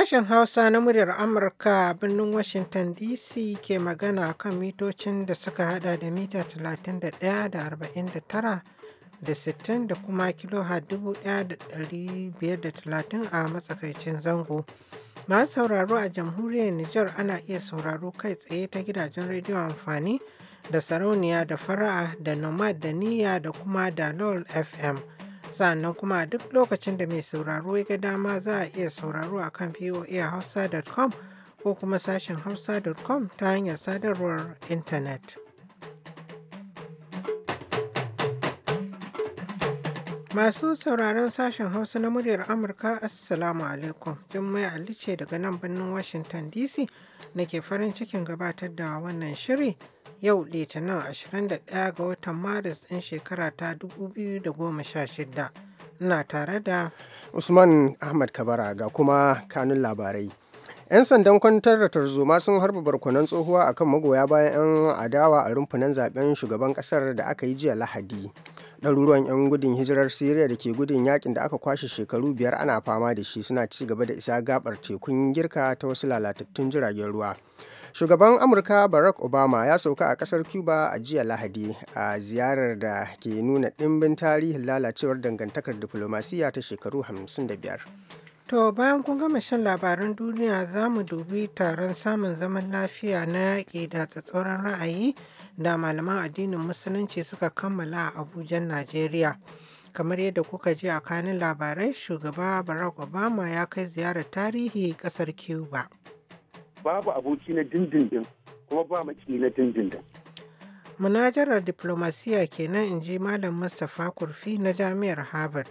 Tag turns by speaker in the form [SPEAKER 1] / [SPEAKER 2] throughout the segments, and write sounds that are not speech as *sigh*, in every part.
[SPEAKER 1] Sashen Hausa na muryar Amurka a birnin Washington DC ke magana kan mitocin da suka hada da mita 31 da 49 da 60 da kuma kiloha 1530 a matsakaicin zango. Masu sauraro a jamhuriyar Nijar ana iya sauraro kai tsaye ta gidajen rediyo amfani da sarauniya da fara'a da nomad da niyya da kuma da FM. Sannan kuma a duk lokacin da mai sauraro ya ga dama za a iya sauraro a kan voahausa.com ko kuma sashen hausa.com ta hanyar sadarwar intanet. Masu sauraron sashen Hausa na muryar Amurka, Assalamu alaikum. Jummai Ali ce daga nan birnin Washington DC nake farin cikin gabatar da wannan shiri yau Litinin 21 ga watan Maris ɗin shekara ta 2016. na tare da
[SPEAKER 2] Usman Ahmad Kabara ga kuma kanun labarai. 'Yan sandan kwantar da tarzoma sun harba barkonan tsohuwa akan magoya bayan 'yan adawa a rumfunan zaben shugaban kasar da aka yi jiya Lahadi. ɗaruruwan 'yan gudun hijirar siriya da ke gudun yakin da aka kwashe shekaru biyar ana fama da shi suna ci gaba da isa gabar tekun girka ta wasu lalatattun jiragen ruwa shugaban amurka barack obama ya sauka a kasar cuba a jiya lahadi a ziyarar da ke nuna ɗimbin tarihin lalacewar dangantakar diflomasiya ta shekaru 55
[SPEAKER 1] To bayan kun gama shan labaran duniya za mu dubi taron samun zaman lafiya na yaƙi da tsatsauran ra'ayi da malaman addinin musulunci suka kammala a abujan Najeriya. Kamar yadda kuka ji a kanin labarai, shugaba Barack Obama ya kai ziyarar tarihi ƙasar Cuba.
[SPEAKER 3] babu aboki na dindindin kuma ba maki na dindindin
[SPEAKER 1] munajarar diplomasiya kenan in ji malam mustapha kurfi na jami'ar harvard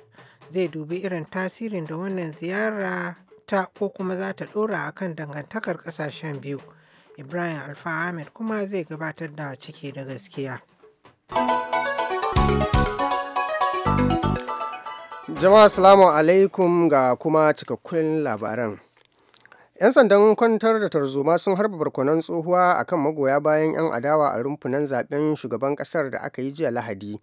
[SPEAKER 1] zai dubi irin tasirin da wannan ziyara ta ko kuma za ta dora a kan dangantakar ƙasashen biyu ibrahim alfa ahmed kuma zai gabatar da ciki da gaskiya
[SPEAKER 2] jama'a salamu alaikum ga kuma cikakkun labaran 'Yan sandan kwantar da tarzoma sun harba barkonon tsohuwa a kan magoya bayan 'yan adawa a rumfunan zaben shugaban kasar da aka yi jiya Lahadi.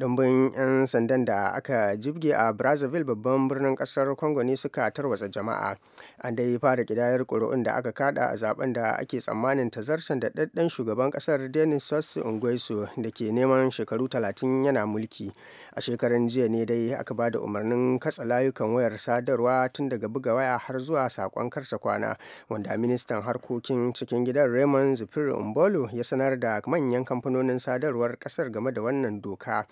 [SPEAKER 2] dumbin 'yan sandan da aka jibge a brazzaville babban birnin kasar congo ne suka tarwatsa jama'a an dai fara kidayar ƙuri'un da aka kada a zaben da ake tsammanin tazarcen da daddan shugaban ƙasar denis sassi ungwesu da ke neman shekaru 30 yana mulki a shekaran jiya ne dai aka ba da umarnin katsa layukan wayar sadarwa tun daga buga waya har zuwa sakon karta kwana wanda ministan harkokin cikin gidan raymond zufiri umbolo ya sanar da manyan kamfanonin sadarwar ƙasar game da wannan doka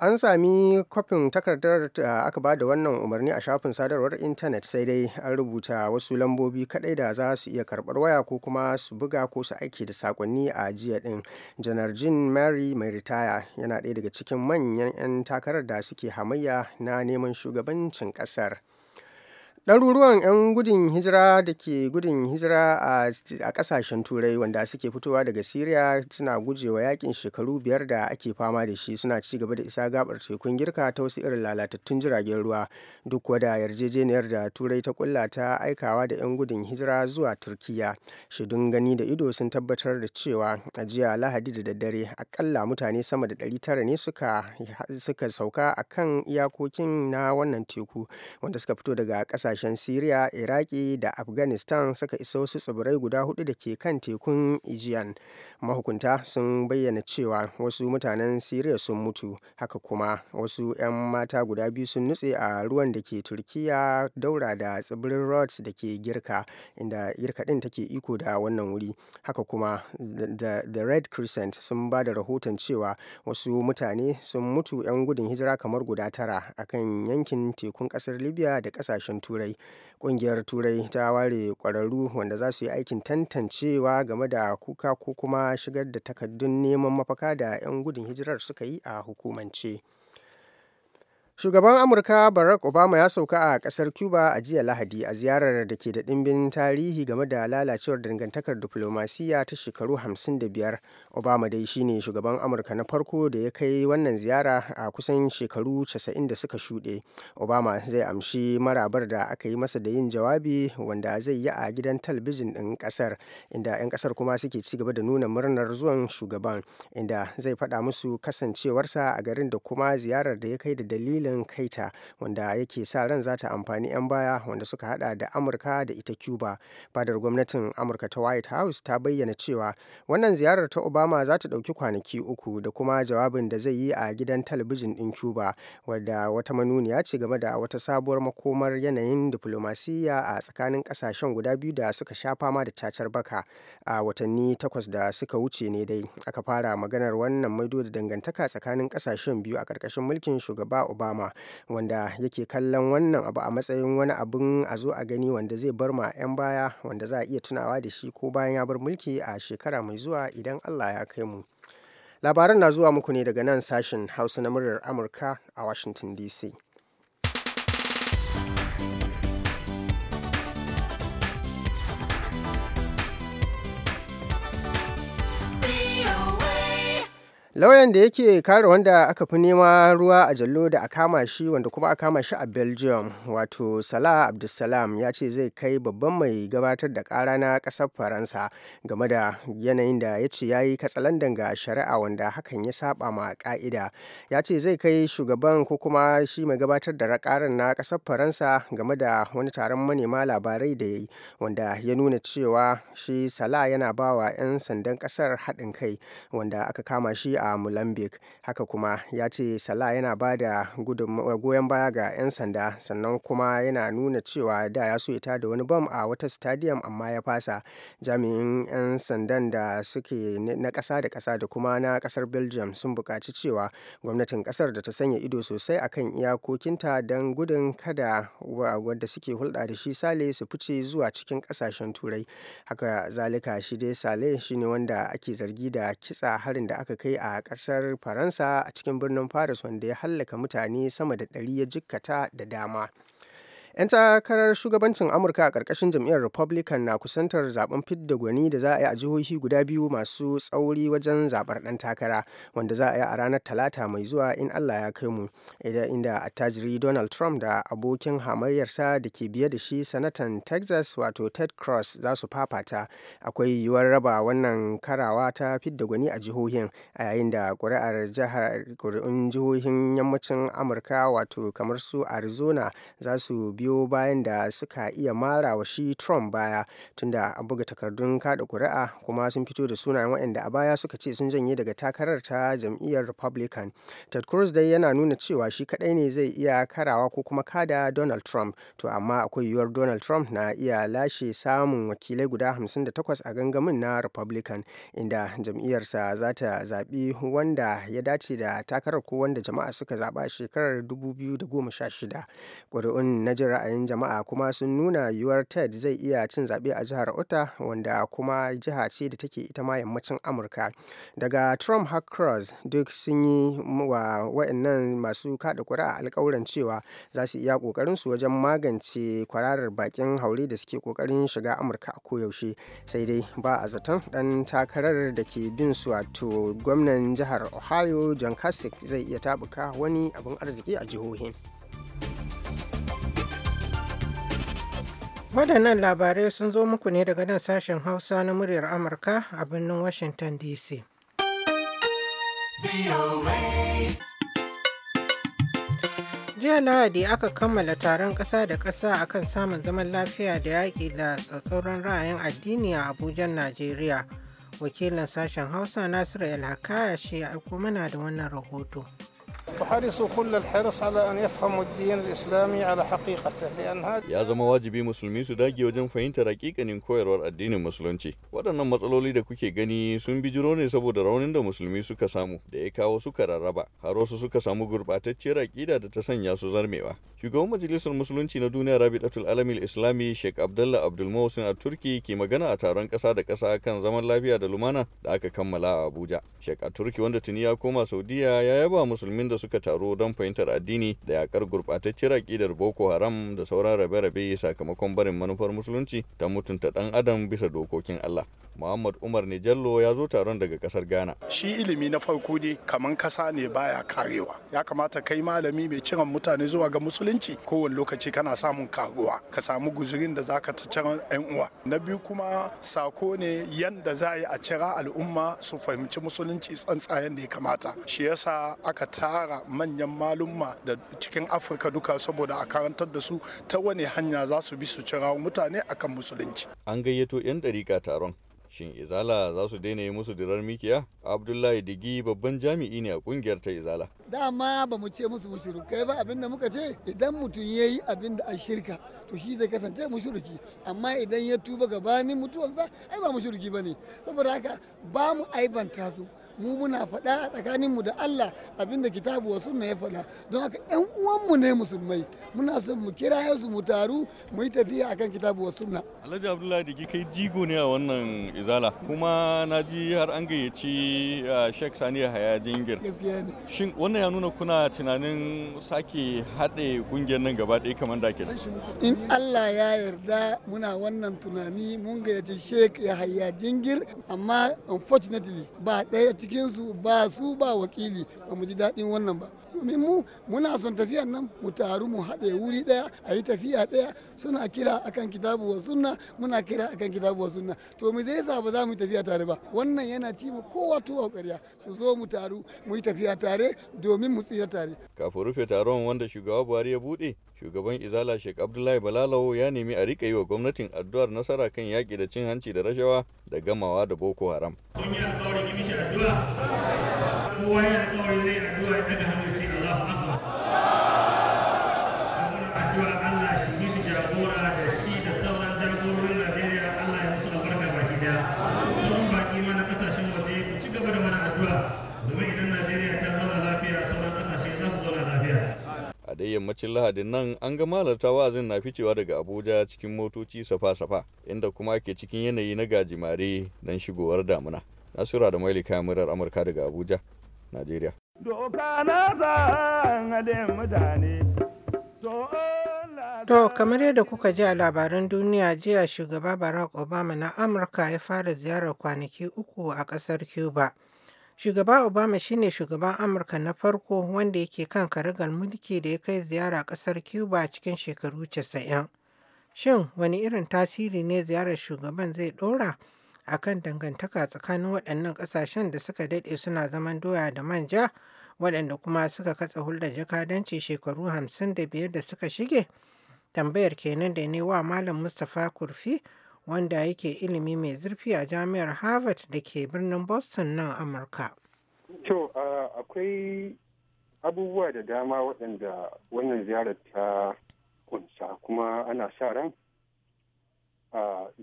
[SPEAKER 2] an sami kwafin takardar da aka ba da wannan umarni a shafin sadarwar intanet sai dai an rubuta wasu lambobi kadai da za su iya karbar waya ko kuma su buga ko su aiki da sakonni a jiya din janar jean mary mai ritaya yana ɗaya daga cikin manyan 'yan takarar da suke hamayya na neman shugabancin ƙasar. ɗaruruwan 'yan gudun hijira da ke gudun hijira a ƙasashen turai wanda suke fitowa daga syria suna gujewa yakin shekaru biyar da ake fama da shi suna ci gaba da isa gabar tekun girka ta wasu irin lalatattun jiragen ruwa duk wada yarjejeniyar da turai ta kulla ta aikawa da 'yan gudun hijira zuwa turkiya shaidun gani da ido sun tabbatar da cewa a jiya lahadi da daddare akalla mutane sama da 900 ne suka sauka akan iyakokin na wannan teku wanda suka fito daga ƙasashen kasashen Siriya, Iraki da Afghanistan suka isa wasu tsibirai guda hudu da ke kan tekun Aegean. Mahukunta sun bayyana cewa wasu mutanen Siriya sun mutu, haka kuma wasu 'yan mata guda biyu sun nutse a ruwan da ke Turkiya daura da tsibirin Rhodes da ke Girka, inda Girka ɗin take iko da wannan wuri. Haka kuma The Red Crescent sun ba da rahoton cewa wasu mutane sun mutu 'yan gudun hijira kamar guda tara a kan yankin tekun ƙasar Libya da ƙasashen Turai. turai kungiyar turai ta ware kwararru wanda za su yi aikin tantancewa game da kuka ko kuma shigar da takardun neman mafaka da 'yan gudun hijirar suka yi a hukumance Shugaban Amurka Barack Obama ya sauka a ƙasar Cuba a jiya Lahadi a ziyarar da ke da ɗimbin tarihi game da lalacewar dangantakar diflomasiyya ta shekaru 55. Obama dai shine shugaban Amurka na farko da ya kai wannan ziyara a kusan shekaru 90 da suka shuɗe. Obama zai amshi marabar da aka yi masa da yin jawabi wanda zai yi a gidan talabijin ɗin ƙasar inda 'yan ƙasar kuma suke ci gaba da nuna murnar zuwan shugaban inda zai faɗa musu kasancewarsa a garin da kuma ziyarar da ya kai da dalilin wakilin kaita wanda yake sa ran za ta amfani 'yan baya wanda suka hada da amurka da ita cuba fadar gwamnatin amurka ta white house ta bayyana cewa wannan ziyarar ta obama za ta dauki kwanaki uku da kuma jawabin da zai yi a gidan talabijin din cuba wadda wata manuniya ce game da wata sabuwar makomar yanayin diflomasiyya a tsakanin kasashen guda biyu da suka sha fama da cacar baka a watanni takwas da suka wuce ne dai aka fara maganar wannan maido da dangantaka tsakanin kasashen biyu a ƙarƙashin mulkin shugaba obama dama wanda yake kallon wannan abu a matsayin wani abin a zo a gani wanda zai bar ma 'yan baya wanda za a iya tunawa da shi ko bayan ya bar mulki a shekara mai zuwa idan Allah ya kai mu. Labaran na zuwa muku ne daga nan sashen Hausa na muryar Amurka a Washington DC. lauyan da yake kare wanda aka fi nema ruwa a jallo da a kama shi wanda kuma a kama shi a belgium wato salah abdulsalam ya ce zai kai babban mai gabatar da kara na kasar faransa game da yanayin da ya ce ya yi katsalandan ga shari'a wanda hakan ya saba ma ka'ida ya ce zai kai shugaban ko kuma shi mai gabatar da karar na kasar faransa game da wani taron manema labarai da ya yi wanda ya nuna cewa shi salah yana bawa 'yan sandan kasar haɗin kai wanda aka kama shi a a Mozambique. Haka kuma ya ce sala yana ba da goyon baya ga 'yan sanda sannan kuma yana nuna cewa da ya so ita da wani bam a wata stadium amma ya fasa. Jami'in 'yan sandan da suke na kasa da kasa da kuma na kasar Belgium sun bukaci cewa gwamnatin kasar da ta sanya ido sosai akan iyakokinta don gudun kada wadda suke hulɗa da shi Sale su fice zuwa cikin kasashen Turai. Haka zalika shi dai Sale shine wanda ake zargi da kitsa harin da aka kai a a ƙasar Faransa a cikin birnin Paris wanda ya hallaka mutane sama da ɗari ya jikkata da dama. 'Yan takarar shugabancin Amurka a ƙarƙashin jam'iyyar Republican na kusantar zaben fidda gwani da za a yi a jihohi guda biyu masu tsauri wajen zaɓar ɗan takara wanda za a yi a ranar Talata mai zuwa in Allah ya kai mu. Inda attajiri Donald Trump da abokin hamayyarsa da ke biye da shi sanatan Texas wato Ted Cross za su fafata. Akwai yiwuwar raba wannan karawa ta fidda gwani a jihohin a yayin da ƙuri'ar jihar jihohin yammacin Amurka wato kamar su Arizona za su biyo bayan da suka iya mara wa shi Trump baya tunda a buga takardun kada kuri'a kuma sun fito da sunayen waɗanda a baya suka ce sun janye daga takarar ta jam'iyyar Republican. Ted Cruz dai yana nuna cewa shi kadai ne zai iya karawa ko kuma kada Donald Trump to amma akwai yiwuwar Donald Trump na iya lashe samun wakilai guda hamsin 58 a gangamin na Republican inda jam'iyyarsa za ta zaɓi wanda ya dace da takarar ko wanda jama'a suka zaɓa shekarar 2016. Ƙuri'un na jin ra'ayin jama'a kuma sun nuna yiwuwar ted zai iya cin zaɓe a jihar utah wanda kuma jiha ce da take ita ma yammacin amurka daga trump har cross duk sun yi wa wa'annan masu kaɗa kuri'a alkawuran cewa za su iya ƙoƙarin su wajen magance kwararar bakin haure da suke ƙoƙarin shiga amurka a koyaushe sai dai ba a zaton ɗan takarar da ke bin su wato gwamnan jihar ohio john kasich zai iya tabuka wani abin arziki a jihohin.
[SPEAKER 1] Waɗannan labarai sun zo muku ne daga nan sashen Hausa na muryar Amurka a birnin Washington DC. Jiya Lahadi aka kammala taron ƙasa da ƙasa akan samun zaman lafiya da yaƙi da tsatsauran ra'ayin addini a Abuja, Najeriya. Wakilin sashen Hausa Nasiru El Hakaya shi ya aiko mana da wannan rahoto.
[SPEAKER 4] وحرصوا كل الحرص على أن يفهموا الدين الإسلامي على حقيقته
[SPEAKER 5] لأن هذا يا زما واجبي مسلمي su dage wajen fahimtar raƙiƙanin koyarwar addinin musulunci waɗannan matsaloli da kuke gani sun bijiro ne saboda raunin da musulmi suka samu da ya kawo suka rarraba har wasu suka samu gurɓatacciyar aƙida da ta sanya su zarmewa shugaban majalisar musulunci na duniya rabi'atul alamil islami sheikh abdullah abdul muhsin a turki ke magana a taron ƙasa da ƙasa kan zaman lafiya da lumana da aka kammala a abuja sheikh a turki wanda tuni ya koma saudiya ya yaba musulmin da da suka taru don fahimtar addini da yakar gurɓatacciyar aƙidar boko haram da sauran rabe-rabe sakamakon barin manufar musulunci ta mutunta ɗan adam bisa dokokin allah muhammad umar nijallo ya zo taron daga ƙasar ghana
[SPEAKER 6] shi ilimi na farko ne
[SPEAKER 5] kamar kasa ne baya karewa
[SPEAKER 6] ya kamata kai malami mai ciran mutane zuwa ga musulunci kowane lokaci kana samun karuwa ka samu guzurin da zaka ta cin yan uwa na biyu kuma sako ne yanda za a yi a cira al'umma su fahimci musulunci tsantsayen da ya kamata shi yasa aka tara tara manyan malumma da cikin afirka duka saboda a karantar da su ta wani hanya za su bi su cira mutane akan musulunci
[SPEAKER 5] an gayyato 'yan dariƙa taron shin izala za su daina yi musu dirar mikiya abdullahi digi babban jami'i ne a kungiyar ta izala
[SPEAKER 4] dama ba mu ce musu mushrikai ba abinda muka ce idan mutum ya yi abin da a shirka to shi zai kasance mushriki amma idan ya tuba gabanin mutuwansa ai ba mushriki ba ne saboda haka ba mu aibanta su mu muna faɗa a tsakaninmu da Allah abinda kitabu wasu sunna ya faɗa don haka ƴan uwanmu ne musulmai muna so mu kira su mu taru mu yi tafiya kan kitabu wasu na.
[SPEAKER 5] Alhaji Abdullahi da kai jigo ne a wannan izala kuma na ji har an gayyaci Sheikh Sani Haya Jingir gaskiya ne shin wannan ya nuna kuna tunanin sake haɗe kungiyar nan gaba ɗaya kamar da ke
[SPEAKER 4] in Allah ya yarda muna wannan tunani mun gayyaci ya haya Jingir amma unfortunately ba ɗaya ciki. cikinsu ba su ba wakili ba mu ji daɗin wannan ba domin mu muna son tafiyan nan mu taru mu haɗe wuri ɗaya a yi tafiya ɗaya suna kira akan kitabu wa sunna muna kira akan kitabu wa sunna to mu zai sa ba za mu tafiya tare ba wannan yana ci mu kowa tuwa ƙarya su zo mu taru mu yi tafiya tare domin mu tsira tare
[SPEAKER 5] kafin rufe taron wanda shugaba Buhari ya buɗe shugaban Izala shek Abdullahi Balalawo ya nemi a riƙa yi wa gwamnatin addu'ar nasara kan yaƙi da cin hanci da rashawa da gamawa da Boko Haram.
[SPEAKER 6] Kowa zai
[SPEAKER 3] addu'a daga
[SPEAKER 5] yammacin lahadin nan an ga malarta wa'azin na ficewa daga abuja cikin motoci safa-safa inda kuma ke cikin yanayi na gajimare don shigowar damuna nasura da maili kayan murar amurka daga abuja najeriya
[SPEAKER 1] To kamar yadda kuka ji a labaran duniya jiya shugaba Barack Obama na Amurka ya fara ziyarar kwanaki uku a ƙasar Cuba Shugaba Obama shine shugaban Amurka na farko wanda yake kan karagar mulki da ya kai ziyara ƙasar Cuba cikin shekaru casa'in. Shin wani irin tasiri ne ziyarar shugaban zai ɗora a kan dangantaka tsakanin waɗannan ƙasashen da suka daɗe suna zaman doya da manja waɗanda kuma suka katsa hulɗar jakadanci shekaru hamsin da biyar da suka shige? Tambayar kenan da ne wa Malam Mustapha Kurfi wanda yake ilimi mai zurfi a jami'ar harvard da ke birnin boston nan amurka
[SPEAKER 3] to akwai abubuwa da dama waɗanda wannan ziyarar ta kunsa kuma ana sa ran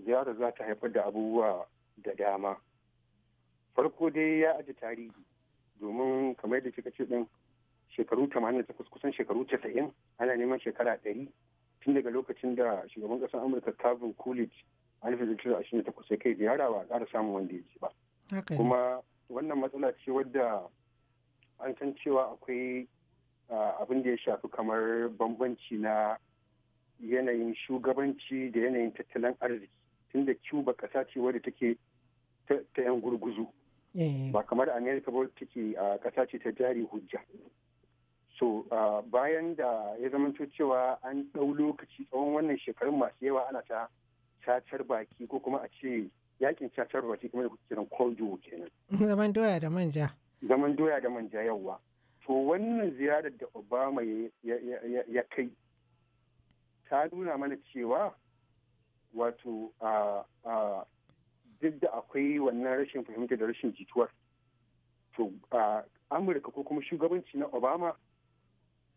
[SPEAKER 3] ziyarar za ta haifar da abubuwa da dama farko dai ya aji tarihi domin kamar yadda kika ce din shekaru 88 kusan shekaru 90 ana neman shekara 100 tun daga lokacin da shugaban ƙasar amurka calvin coolidge haifi da kai ziyara ba a ƙara samun wanda ya ji ba kuma wannan matsala ce wadda an san cewa akwai abin da ya shafi kamar bambanci na yanayin shugabanci da yanayin tattalin arziki tunda cuba ƙasa ce wadda take ta 'yan gurguzu eh. ba kamar amerika ba take a ƙasa ce ta jari hujja so bayan da ya zama cewa an ɗau lokaci tsawon wannan shekarun masu yawa ana ta cacar baki ko kuma a ce yakin cacar baki kuma da kuke kiran war kenan
[SPEAKER 1] *laughs* zaman doya da manja
[SPEAKER 3] zaman doya da manja yawa to wannan ziyarar da obama ya kai ta nuna mana cewa wato duk da akwai wannan rashin fahimta da rashin jituwar to amurka ko kuma shugabanci na obama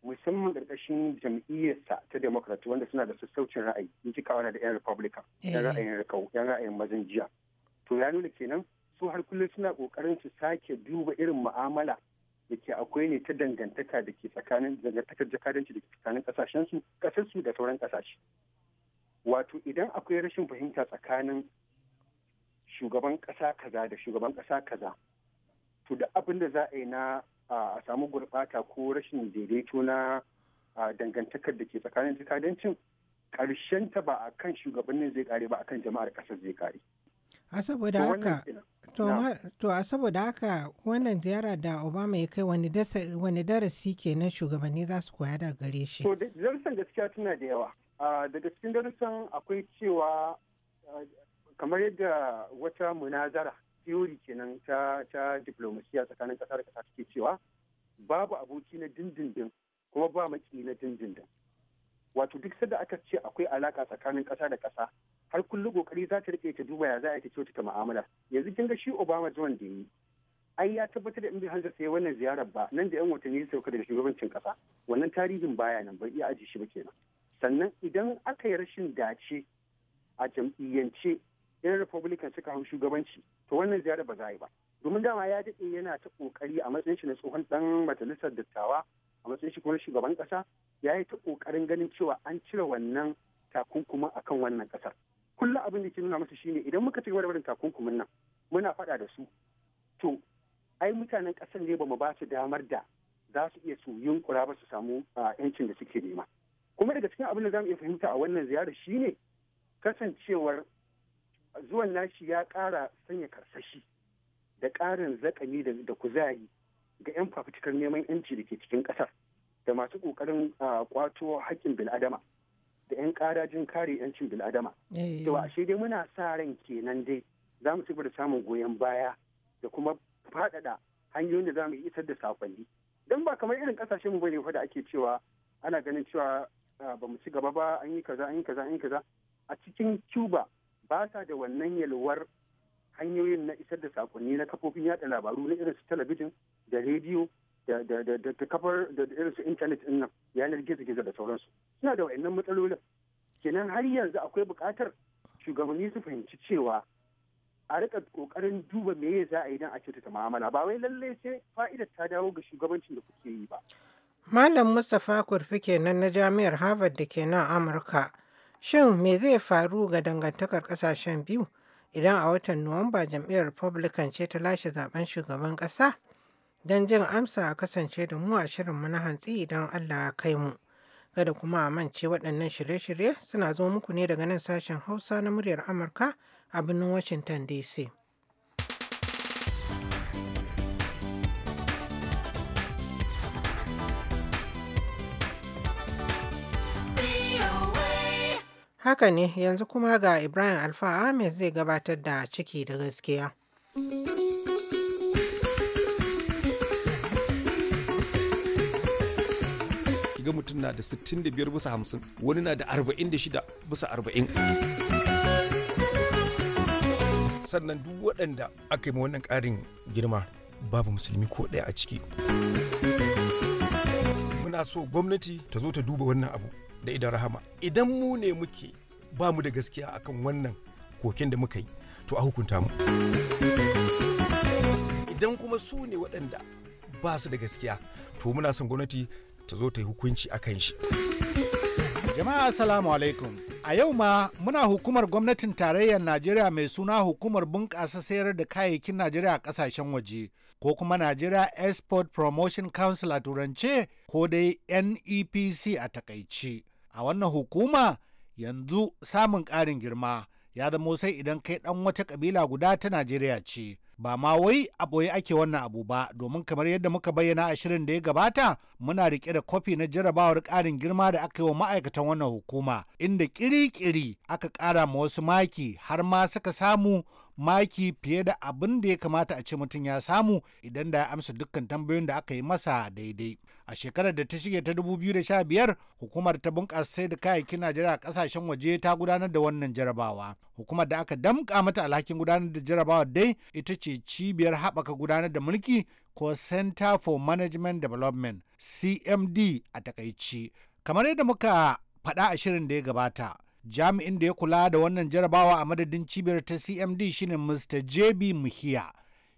[SPEAKER 3] musamman ƙarƙashin jam'iyyarsa ta democrat wanda suna da sassaucin ra'ayi in ji kawana da 'yan republican 'yan eh. ra'ayin rikau 'yan ra'ayin mazan jiya to ya nuna kenan su har kullum suna ƙoƙarin su sake duba irin mu'amala da ke akwai ne ta dangantaka da ke tsakanin dangantakar jakadanci da ke tsakanin ƙasashensu ƙasarsu da sauran ƙasashe wato idan akwai rashin fahimta tsakanin shugaban ƙasa kaza da shugaban ƙasa kaza to da abin da za a yi na a samu gurɓata ko rashin daidaito na dangantakar da ke tsakanin jikadancin ƙarshen ta ba a kan shugabannin zai kare ba a kan jama'ar ƙasar zai kare.
[SPEAKER 1] a saboda haka to a saboda haka wannan ziyara da obama ya kai wani darasi ke na shugabanni za su koya daga gare shi to
[SPEAKER 3] darasin gaskiya tana da yawa daga cikin darasin akwai cewa kamar yadda wata munazara theory kenan ta ta diplomasiya tsakanin ƙasa da ƙasa take cewa babu aboki na dindindin kuma ba maki na dindindin wato duk sanda aka ce akwai alaka tsakanin ƙasa da ƙasa har kullum kokari za ta rike ta duba ya za a ta kyautata mu'amala yanzu kin ga shi Obama zuwan da yi ai ya tabbatar da in bai hanzarta ya wannan ziyarar ba nan da yan watanni sauka daga shugabancin ƙasa wannan tarihin baya nan bai iya aji shi ba kenan sannan idan aka yi rashin dace a jam'iyyance yan republican suka hau shugabanci to wannan ziyara ba za yi ba domin dama ya daɗe yana ta ƙoƙari a matsayin shi na tsohon ɗan majalisar dattawa a matsayin shi kuma shugaban ƙasa ya yi ta ƙoƙarin ganin cewa an cire wannan takunkuma kan wannan ƙasar kullum abin da ke nuna masa shine idan muka ci gaba da barin takunkumin nan muna faɗa da su to ai mutanen ƙasar ne ba mu ba su damar da za su iya su yunkura ba su samu yancin da suke nema kuma daga cikin abin da za mu iya fahimta a wannan ziyarar shine kasancewar zuwan nashi ya ƙara sanya karsashi da ƙarin zakami da kuzari ga 'yan fafutukar neman 'yanci da ke cikin ƙasar da masu ƙoƙarin kwato haƙƙin bil'adama da 'yan ƙarajin kare 'yancin bil'adama. Eh. to a dai muna sa ran kenan dai za mu da samun goyon baya da kuma faɗaɗa hanyoyin da za mu isar da sakonni. Don ba kamar irin ƙasashen mu bane fa da ake cewa ana ganin cewa ba mu ci gaba ba an yi kaza an yi kaza an yi kaza a cikin Cuba ba sa da wannan yalwar hanyoyin na isar da sakonni na kafofin yada labaru na irin su talabijin da rediyo da kafar da irin su intanet din yanar gizo gizo da sauransu suna da wa'annan matsalolin kenan har yanzu akwai buƙatar shugabanni su fahimci cewa a rika kokarin duba me za a yi don a ta ma'amala. ba wai lallai sai fa'idar ta dawo ga shugabancin da
[SPEAKER 5] kuke yi ba
[SPEAKER 1] Malam Mustapha Kurfi kenan na Jami'ar Harvard da ke nan Amurka Shin me zai faru ga dangantakar ƙasashen biyu idan a watan Nuwamba jam'iyyar Republican ce ta lashe zaben shugaban ƙasa? Don jin amsa a kasance da mu a shirinmu na hantsi idan Allah ya kai mu. Kada kuma a mance waɗannan shirye-shirye suna zo muku ne daga nan sashen Hausa na muryar Amurka a birnin Washington DC. Haka ne yanzu kuma ga Ibrahim Alfa Ahmed zai gabatar da ciki da gaskiya.
[SPEAKER 7] Kiga mutum na da 65 bisa 50 wani na da 46 bisa 40. sannan duk waɗanda aka yi ma wannan ƙarin girma babu musulmi ko ɗaya a ciki muna so gwamnati ta zo ta duba wannan abu da idan rahama idan mu ne muke ba mu da gaskiya akan wannan kokin da muka yi to a hukunta mu idan kuma su ne waɗanda ba su da gaskiya to muna son gwamnati ta zo ta yi hukunci a kan shi jama'a assalamu
[SPEAKER 6] alaikum a yau ma muna hukumar gwamnatin tarayyar najeriya mai suna hukumar bunƙasa sayar da kayayyakin najeriya a ƙasashen waje ko kuma najeriya export promotion council a turance ko dai nepc a takaici a wannan hukuma yanzu samun ƙarin girma ya zamo sai idan kai ɗan wata ƙabila guda ta Najeriya ce. Ba ma wai a ɓoye ake wannan abu ba domin kamar yadda muka bayyana a shirin da ya gabata muna riƙe da kofi na jarabawar ƙarin girma da aka yi wa ma'aikatan wannan hukuma inda ƙiri-ƙiri aka ƙara ma wasu maki har ma suka samu maki fiye da abin da ya kamata a ce mutum ya samu idan da ya amsa dukkan tambayoyin da aka yi masa daidai. A shekarar da ta shige ta 2015 hukumar ta bunƙasa sai da kayayyakin Najeriya a ƙasashen waje ta gudanar da wannan jarabawa. Hukumar da aka damƙa mata alhakin gudanar da jarabawa dai ita ce cibiyar haɓaka gudanar da mulki ko Center for Management Development CMD a takaici. Kamar yadda muka faɗa a shirin da ya gabata. jami'in da ya kula da wannan jarabawa a madadin cibiyar ta cmd shine mr jb muhiya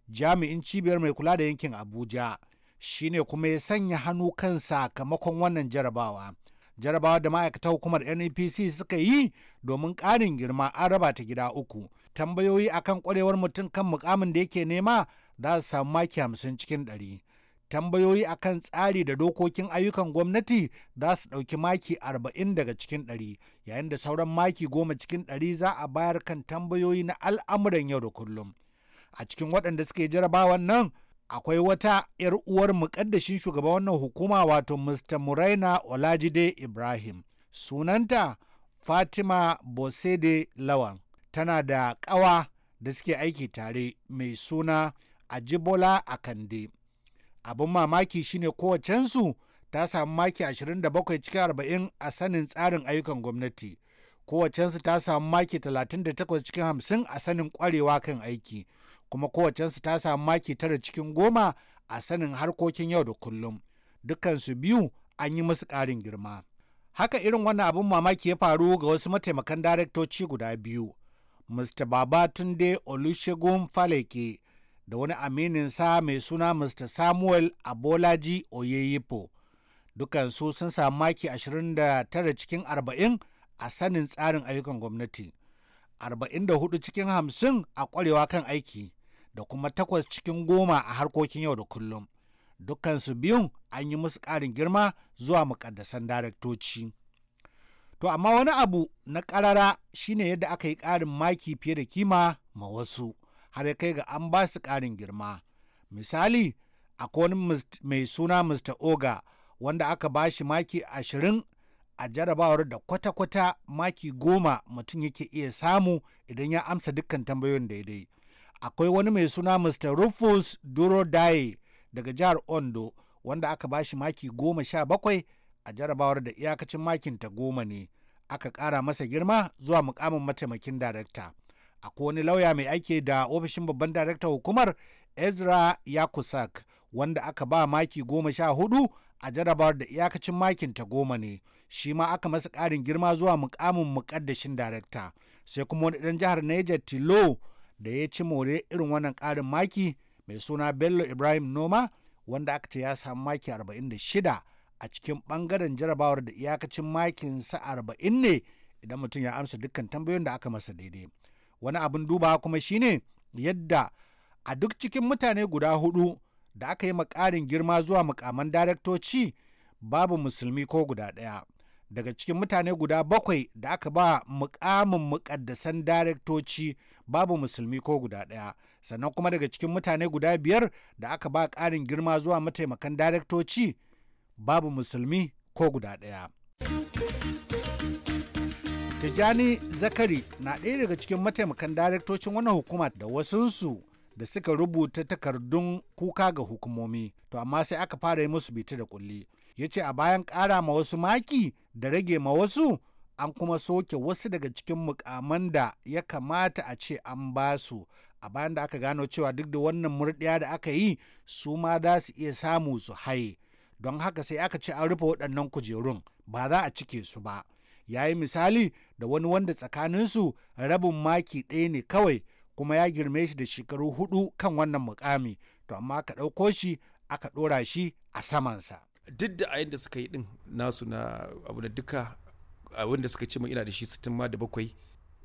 [SPEAKER 6] jami'in cibiyar mai kula da yankin abuja shine kuma ya sanya hannu kan sakamakon wannan jarabawa jarabawa da ma'aikata hukumar NEPC suka yi domin ƙarin girma an raba ta gida uku. Tambayoyi akan ƙwarewar mutum kan mukamin da yake nema za su samu maki hamsin cikin ɗari. tambayoyi a kan tsari da dokokin ayyukan gwamnati za su ɗauki maki 40 daga cikin 100 yayin da sauran maki 10 cikin 100 za a bayar kan tambayoyi na al'amuran yau da kullum a cikin waɗanda suke jarabawan nan akwai wata 'yar uwar muƙaddashin shugaban wannan hukuma wato mr muraina olajide ibrahim sunanta fatima bosede lawan tana da ƙawa da suke aiki tare mai suna ajibola akande abin mamaki shine kowacensu ta samu maki 27 cikin 40 a sanin tsarin ayyukan gwamnati kowacensu ta samu maki 38 cikin 50 a sanin kwarewa kan aiki kuma kowacensu ta samu maki 9 cikin 10 a sanin harkokin yau da kullum dukansu biyu an yi musu ƙarin girma haka irin wannan abin mamaki ya faru ga wasu mataimakan daraktoci guda biyu mr babatunde olusegun faleke da wani aminin sa mai suna Mr. Samuel Abolaji Oyeyipo. Dukansu sun samu maki 29 cikin 40 a sanin tsarin ayyukan gwamnati, 44 cikin 50 a ƙwarewa kan aiki, da kuma takwas cikin goma a harkokin yau da kullum. Dukansu biyun an yi musu ƙarin girma zuwa mukaddasan daraktoci. To, amma wani abu na ƙarara shine yadda aka yi ƙarin maki fiye da kima ma wasu. har ya kai ga an ba su ƙarin girma misali akwai wani mai suna mr oga wanda aka ba shi maki ashirin a jarabawar da kwata-kwata maki goma mutum yake iya samu idan ya amsa dukkan tambayoyin daidai akwai wani mai suna mr rufus durodaye daga jihar ondo wanda aka ba shi maki goma sha bakwai a jarabawar da iyakacin makinta goma ne aka ƙara masa girma zuwa mukamin mataimakin darakta akwai wani lauya mai aiki da ofishin babban darakta hukumar ezra yakusak wanda aka ba maki goma sha hudu a jarabawar da iyakacin makin ta goma ne shi ma aka masa karin girma zuwa mukamin mukaddashin darakta sai kuma wani dan jihar niger tilo da ya ci more irin wannan karin maki mai suna bello ibrahim noma wanda aka ce ya samu maki 46 a cikin bangaren jarabawar da iyakacin makinsa 40 ne idan mutum ya amsa dukkan tambayoyin da aka masa daidai wani abin duba kuma shine yadda a duk cikin mutane guda hudu da aka yi makarin girma zuwa mukaman daraktoci babu musulmi ko guda ɗaya daga cikin mutane guda bakwai da aka ba mukamin mukaddasan daraktoci babu musulmi ko guda ɗaya sannan kuma daga cikin mutane guda biyar da aka ba ƙarin girma zuwa mataimakan daraktoci babu musulmi ko guda ɗaya Tijjani Zakari na ɗaya daga cikin mataimakan daraktocin wannan hukuma da wasunsu da suka rubuta takardun kuka ga hukumomi, to amma sai aka fara yi musu bita da kulli. Ya ce a bayan ƙara ma wasu maki da rage ma wasu an kuma soke wasu daga cikin mukaman da ya kamata a ce an ba su a bayan da aka gano cewa duk da wannan murɗiya da aka yi su ma za su iya samu su haye don haka sai aka ce an rufe waɗannan kujerun ba za a cike su ba ya yi misali da wani wanda tsakaninsu rabin maki ɗaya ne kawai kuma ya girme shi da shekaru hudu kan wannan mukami to amma aka ɗauko shi aka ɗora shi a samansa
[SPEAKER 7] duk da ayin da suka yi din nasu na abu da duka wanda suka ce ina da shi sittin ma da bakwai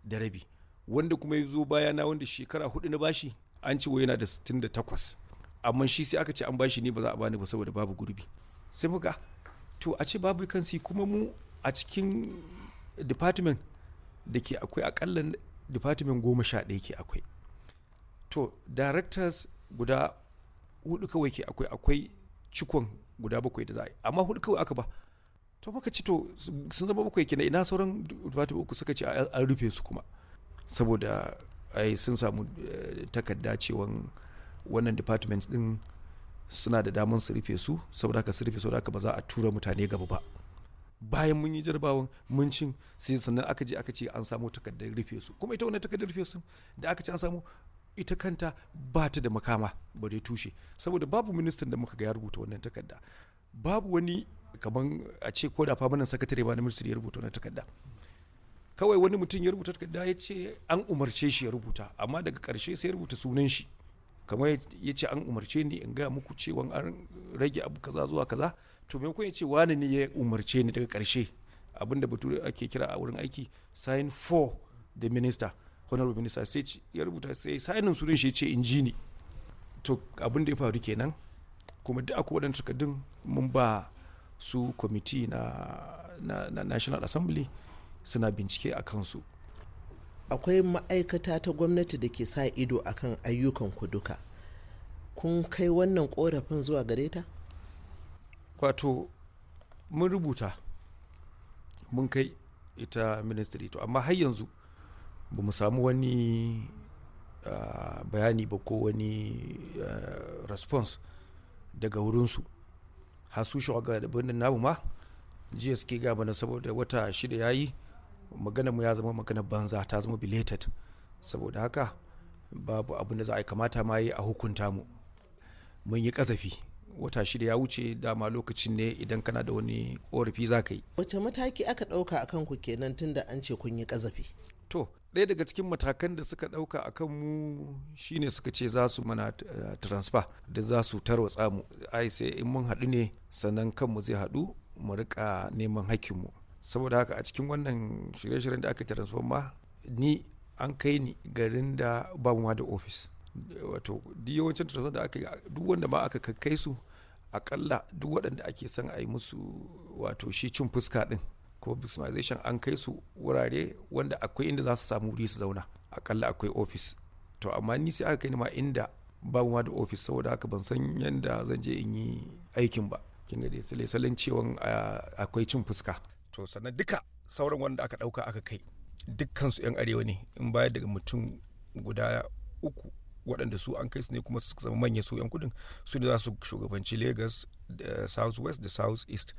[SPEAKER 7] da rabi wanda kuma ya zo baya na wanda shekara hudu na bashi an ce yana da sittin da takwas amma shi sai aka ce an bashi ne ba za a bani ba saboda babu gurbi sai muka ah, to a ce babu kansi kuma mu a cikin department da ke akwai akalla department goma sha ɗaya ke akwai to directors guda hudu kawai ke akwai akwai cikon guda bakwai da za a yi amma hudu kawai aka ba to muka ci to sun zama bakwai kenan ina sauran department uku suka ce an rufe su kuma saboda ai sun samu eh, takarda cewa wannan department din suna da damar su rufe su saboda ka su rufe saboda haka ba za a tura mutane gaba ba bayan mun yi jarabawan mun cin sai sannan aka je aka ce an samu takardar rufe su kuma ita wannan takardar rufe su da aka ce an samu ita kanta ba ta da makama ba dai tushe saboda babu ministan da muka ga ya rubuta wannan takarda babu wani kaman a ce ko da mana sakatare ba na ministry ya rubuta wannan takarda kawai wani mutum ya rubuta takarda ya ce an umarce shi ya rubuta amma daga karshe sai ya rubuta sunan shi kamar ya ce an umarce ni in gaya muku cewa an rage abu kaza zuwa kaza to me ya ce wani ne ya umarce ni daga karshe abinda da ake kira a wurin aiki sign for the minister honorable minister sai ya rubuta sai signin surin shi ce inji ne to abin da ya faru kenan kuma duk akwai waɗanda takardun mun ba su kwamiti na, na national assembly suna
[SPEAKER 1] bincike a kansu akwai ma'aikata ta gwamnati da ke sa ido akan ayyukan ku duka kun kai wannan korafin zuwa gare ta
[SPEAKER 7] wato mun rubuta mun kai ita ministry to amma har yanzu ba mu samu wani uh, bayani ba ko wani uh, response daga wurinsu har su shawaga da birnin namu ma jiya suke gaba na saboda wata shida yayi yi magana mu ya zama magana banza ta zama belated saboda haka babu abin da za a kamata ma yi a hukunta mu mun yi kazafi wata shida ya wuce dama lokacin ne idan kana da wani korafi za ka yi
[SPEAKER 1] wace mataki aka ɗauka akan ku kenan tun da
[SPEAKER 7] an ce kun yi kazafi. to ɗaya daga cikin matakan da suka ɗauka a kan mu shine suka ce za su mana eh, transfer da za su tarwatsa mu ai sai in mun haɗu ne sannan kanmu zai haɗu mu riƙa neman mu. saboda haka a cikin wannan shirye-shiryen da aka transfer ma ni an kai ni garin da babu ma da ofis wato duk yawancin da aka duk wanda ma aka kai su akalla duk waɗanda ake son a yi musu wato shi cin fuska ɗin ko victimization an kai su wurare wanda akwai inda za su samu wuri su zauna akalla akwai ofis to amma ni sai aka kai ni ma inda babu ma da ofis saboda haka ban san yadda zan je in yi aikin ba kin ga dai salen cewan akwai cin fuska to sannan duka sauran wanda aka ɗauka aka kai dukkan su 'yan arewa ne in bayar daga mutum guda uku waɗanda su an kai su ne kuma su zama manya su 'yan kudin su ne za su shugabanci lagos da south west da south east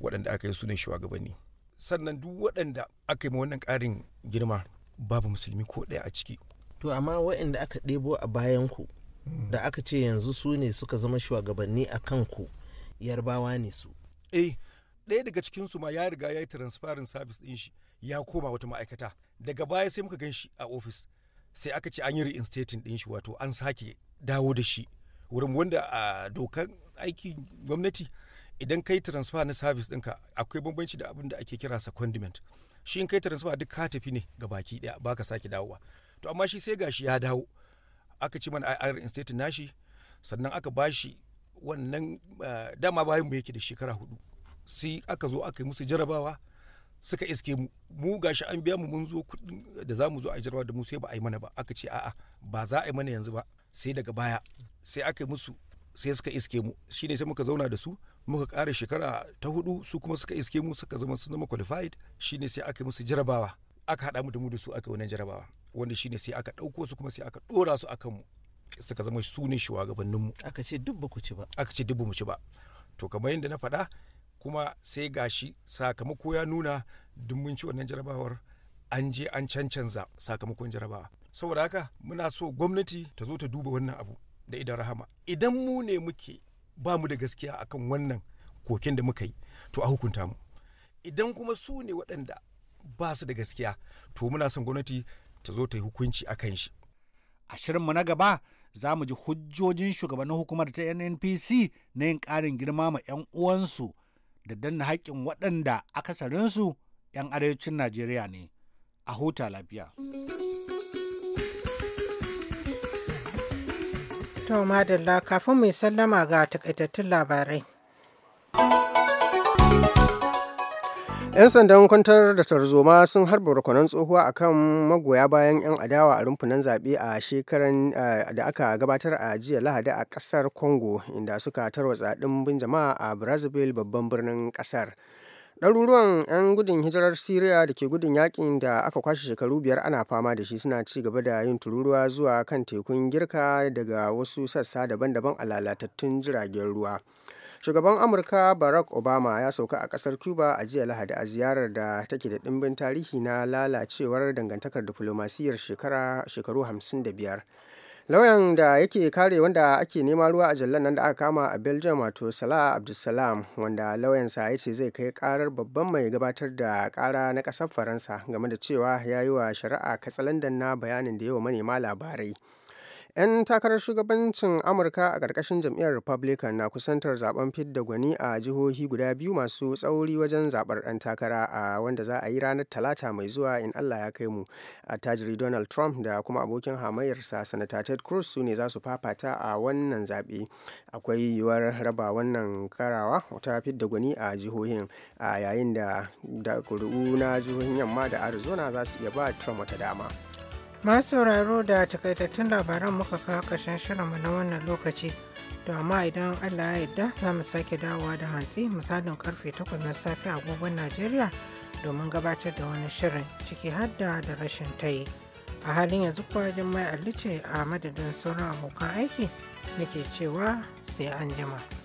[SPEAKER 7] waɗanda aka yi su ne shugabanni sannan duk waɗanda aka
[SPEAKER 1] yi wannan ƙarin girma
[SPEAKER 7] babu musulmi ko ɗaya a ciki
[SPEAKER 1] to amma waɗanda aka ɗebo a bayan ku da aka ce yanzu su ne suka zama shugabanni a kan ku yarbawa ne su
[SPEAKER 7] eh ɗaya daga cikinsu ma ya riga ya yi transparent service ɗin shi ya koma wata ma'aikata daga baya sai muka gan shi a ofis sai aka ce an yi reinstating din shi wato an sake dawo da shi wurin wanda a dokar aikin gwamnati idan kai transfer na service dinka akwai bambanci da abin da ake kira secondment shi in kai transfer duk ka tafi ne ga baki ɗaya baka sake dawowa to amma shi sai gashi ya dawo aka ci mana IR institute nashi sannan aka bashi wannan dama bayan mu yake da shekara hudu sai aka zo aka yi musu jarabawa suka iske mu mu gashi an biya mu mun zo kudin da za mu zo a jirwa da mu sai ba a yi mana ba aka ce a'a ba za a yi mana yanzu ba sai daga baya sai aka yi musu sai suka iske mu shine sai muka zauna da su muka ƙara shekara ta hudu su kuma suka iske mu suka zama sun zama qualified shine sai aka yi musu jarabawa aka haɗa mu da mu da su aka wannan jarabawa wanda shine sai aka ɗauko su kuma sai aka dora su akan mu suka zama su ne mu aka ce duk ba ku ci ba aka ce duk ba mu ci ba to kamar yadda na faɗa kuma sai gashi sakamako ya nuna duk mun ci wannan jarabawar an je an cancanza sakamakon jarabawa saboda haka muna so gwamnati ta zo ta duba wannan abu da idan rahama idan mu ne muke ba mu da gaskiya akan wannan kokin da muka yi to a hukunta mu idan kuma su ne waɗanda ba su da gaskiya to muna son gwamnati ta zo ta yi hukunci a kan shi a shirin mu na
[SPEAKER 6] gaba za mu ji hujjojin shugabannin hukumar ta nnpc na yin ƙarin girma ma 'yan uwansu da danna haƙƙin waɗanda akasarinsu 'yan arewacin Najeriya
[SPEAKER 1] ne a huta lafiya. To madalla kafin mai sallama ga takaitattun labarai.
[SPEAKER 2] 'Yan sandan kwantar da tarzoma sun harba rukunan tsohuwa a kan magoya bayan 'yan adawa a rumfunan zaɓe a shekaran da aka gabatar a jiya Lahadi a ƙasar Congo inda suka tarwatsa ɗimbin jama'a a Brazzaville babban birnin ƙasar. ɗaruruwan 'yan gudun hijirar syria da ke gudun yakin da aka kwashe shekaru biyar ana fama da shi suna ci gaba da yin tururuwa zuwa kan tekun girka daga wasu sassa daban-daban a lalatattun jiragen ruwa shugaban amurka barack obama ya sauka a kasar cuba a jiya lahadi a ziyarar da take da ɗimbin tarihi na lalacewar dangantakar diflomasiyyar shekaru 55 lauyan da yake kare wanda ake nema ruwa a jallan nan da aka kama a belgium wato salah abdulsalam wanda lauyansa ya ce zai kai karar babban mai gabatar da kara na kasar faransa game da cewa ya yi wa shari'a katsalandan na bayanin da yawa manema labarai 'Yan takarar shugabancin Amurka a ƙarƙashin jam'iyyar Republican na kusantar zaben fidda gwani a jihohi guda biyu masu tsauri wajen zaɓar yan takara a wanda za a yi ranar Talata mai zuwa in Allah ya kai mu. Attajiri Donald Trump da kuma abokin hamayyarsa Sanata Ted Cruz su ne za su fafata a wannan zaɓe. Akwai yiwuwar raba wannan karawa ta fidda gwani a jihohin a yayin da da kuri'u na jihohin yamma da Arizona za su iya ba Trump wata dama.
[SPEAKER 1] masu sauraro da takaitattun labaran muka kawo ƙarshen shirinmu na wannan lokaci to amma idan allah ya yarda za mu sake dawowa da hantsi misalin karfe 8 na safe agogon najeriya domin gabatar da wani shirin ciki hadda da rashin tayi a halin yanzu kuwa jin mai alice a madadin sauran abokan aiki nake cewa sai an jima.